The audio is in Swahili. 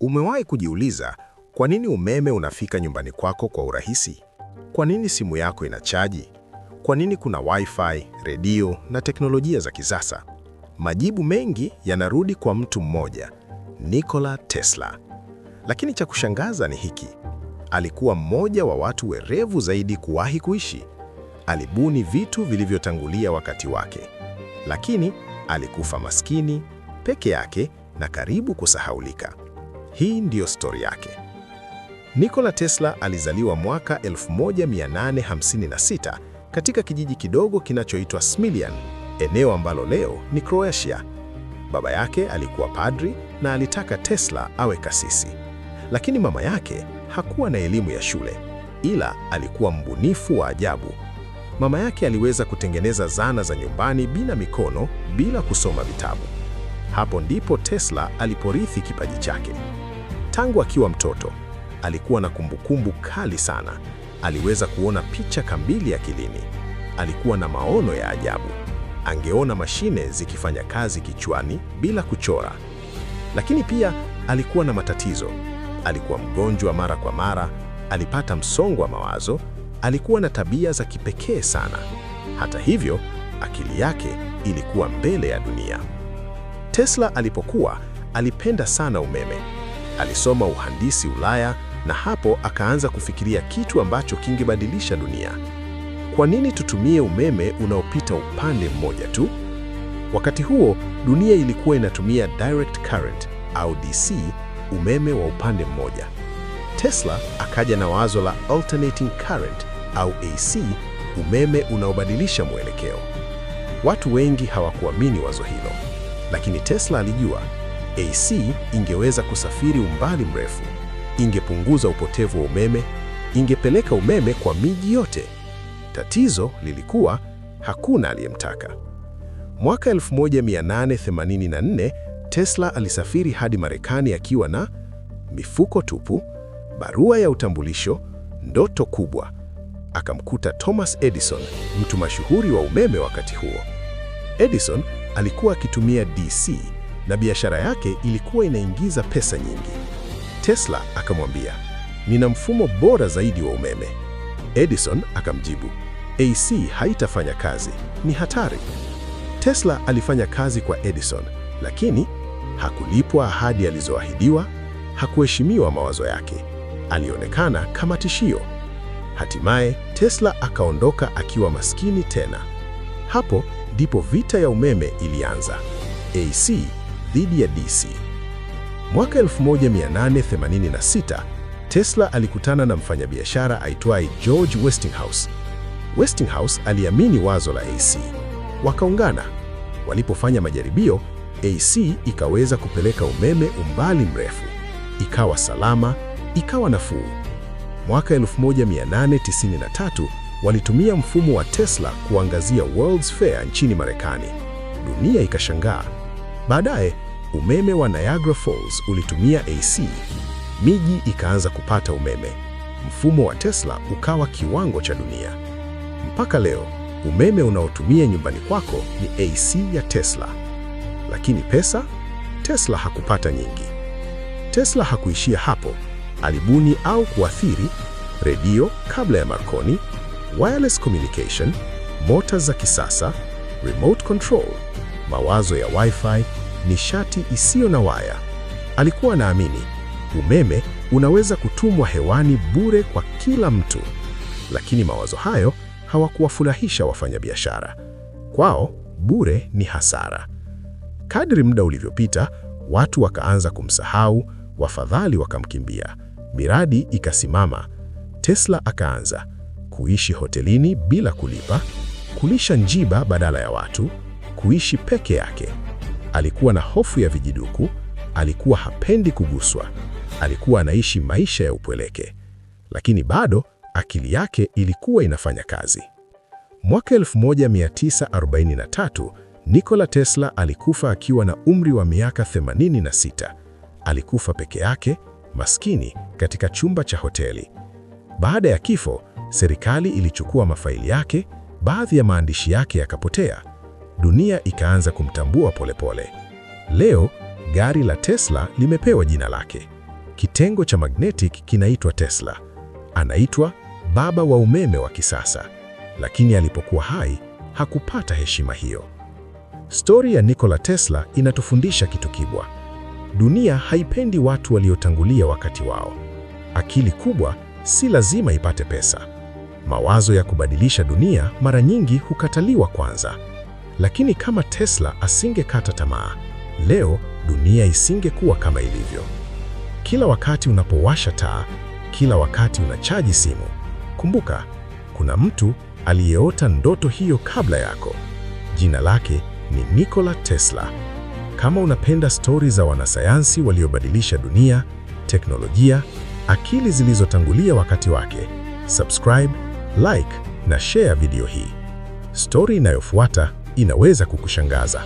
Umewahi kujiuliza kwa nini umeme unafika nyumbani kwako kwa urahisi? Kwa nini simu yako inachaji? Kwa nini kuna wifi, redio na teknolojia za kisasa? Majibu mengi yanarudi kwa mtu mmoja, Nikola Tesla. Lakini cha kushangaza ni hiki. Alikuwa mmoja wa watu werevu zaidi kuwahi kuishi. Alibuni vitu vilivyotangulia wakati wake. Lakini alikufa maskini, peke yake na karibu kusahaulika. Hii ndiyo stori yake. Nikola Tesla alizaliwa mwaka 1856 katika kijiji kidogo kinachoitwa Smiljan, eneo ambalo leo ni Kroatia. Baba yake alikuwa padri na alitaka Tesla awe kasisi, lakini mama yake hakuwa na elimu ya shule, ila alikuwa mbunifu wa ajabu. Mama yake aliweza kutengeneza zana za nyumbani bila mikono, bila kusoma vitabu. Hapo ndipo Tesla aliporithi kipaji chake. Tangu akiwa mtoto alikuwa na kumbukumbu kali sana. Aliweza kuona picha kamili akilini. Alikuwa na maono ya ajabu, angeona mashine zikifanya kazi kichwani bila kuchora. Lakini pia alikuwa na matatizo. Alikuwa mgonjwa mara kwa mara, alipata msongo wa mawazo, alikuwa na tabia za kipekee sana. Hata hivyo, akili yake ilikuwa mbele ya dunia. Tesla alipokuwa alipenda sana umeme Alisoma uhandisi Ulaya na hapo akaanza kufikiria kitu ambacho kingebadilisha dunia. Kwa nini tutumie umeme unaopita upande mmoja tu? Wakati huo dunia ilikuwa inatumia direct current au DC, umeme wa upande mmoja. Tesla akaja na wazo la alternating current au AC, umeme unaobadilisha mwelekeo. Watu wengi hawakuamini wazo hilo, lakini Tesla alijua AC ingeweza kusafiri umbali mrefu, ingepunguza upotevu wa umeme, ingepeleka umeme kwa miji yote. Tatizo lilikuwa hakuna aliyemtaka. Mwaka 1884 Tesla alisafiri hadi Marekani akiwa na mifuko tupu, barua ya utambulisho, ndoto kubwa. Akamkuta Thomas Edison, mtu mashuhuri wa umeme wakati huo. Edison alikuwa akitumia DC na biashara yake ilikuwa inaingiza pesa nyingi. Tesla akamwambia, nina mfumo bora zaidi wa umeme. Edison akamjibu, AC haitafanya kazi, ni hatari. Tesla alifanya kazi kwa Edison, lakini hakulipwa ahadi alizoahidiwa, hakuheshimiwa mawazo yake. Alionekana kama tishio. Hatimaye Tesla akaondoka akiwa maskini tena. Hapo ndipo vita ya umeme ilianza. AC dhidi ya DC. Mwaka 1886 Tesla alikutana na mfanyabiashara aitwaye George Westinghouse. Westinghouse aliamini wazo la AC, wakaungana. Walipofanya majaribio, AC ikaweza kupeleka umeme umbali mrefu, ikawa salama, ikawa nafuu. Mwaka 1893 walitumia mfumo wa Tesla kuangazia World's Fair nchini Marekani. Dunia ikashangaa. Baadaye umeme wa Niagara Falls ulitumia AC, miji ikaanza kupata umeme. Mfumo wa Tesla ukawa kiwango cha dunia. Mpaka leo umeme unaotumia nyumbani kwako ni AC ya Tesla. Lakini pesa, Tesla hakupata nyingi. Tesla hakuishia hapo. Alibuni au kuathiri redio kabla ya Marconi, wireless communication, mota za kisasa, remote control mawazo ya wifi, nishati isiyo na waya. Alikuwa anaamini umeme unaweza kutumwa hewani bure kwa kila mtu, lakini mawazo hayo hawakuwafurahisha wafanyabiashara. Kwao bure ni hasara. Kadri muda ulivyopita, watu wakaanza kumsahau, wafadhali wakamkimbia, miradi ikasimama. Tesla akaanza kuishi hotelini bila kulipa, kulisha njiba badala ya watu kuishi peke yake. Alikuwa na hofu ya vijiduku, alikuwa hapendi kuguswa, alikuwa anaishi maisha ya upweleke, lakini bado akili yake ilikuwa inafanya kazi. Mwaka 1943 Nikola Tesla alikufa akiwa na umri wa miaka 86. Alikufa peke yake maskini katika chumba cha hoteli. Baada ya kifo, serikali ilichukua mafaili yake, baadhi ya maandishi yake yakapotea dunia ikaanza kumtambua polepole pole. Leo gari la Tesla limepewa jina lake. Kitengo cha magnetic kinaitwa Tesla. Anaitwa baba wa umeme wa kisasa, lakini alipokuwa hai hakupata heshima hiyo. Stori ya Nikola Tesla inatufundisha kitu kibwa. Dunia haipendi watu waliotangulia wakati wao. Akili kubwa si lazima ipate pesa. Mawazo ya kubadilisha dunia mara nyingi hukataliwa kwanza. Lakini kama Tesla asingekata tamaa, leo dunia isingekuwa kama ilivyo. Kila wakati unapowasha taa, kila wakati unachaji simu, kumbuka kuna mtu aliyeota ndoto hiyo kabla yako. Jina lake ni Nikola Tesla. Kama unapenda stori za wanasayansi waliobadilisha dunia, teknolojia, akili zilizotangulia wakati wake, subscribe, like na share video hii. Stori inayofuata inaweza kukushangaza.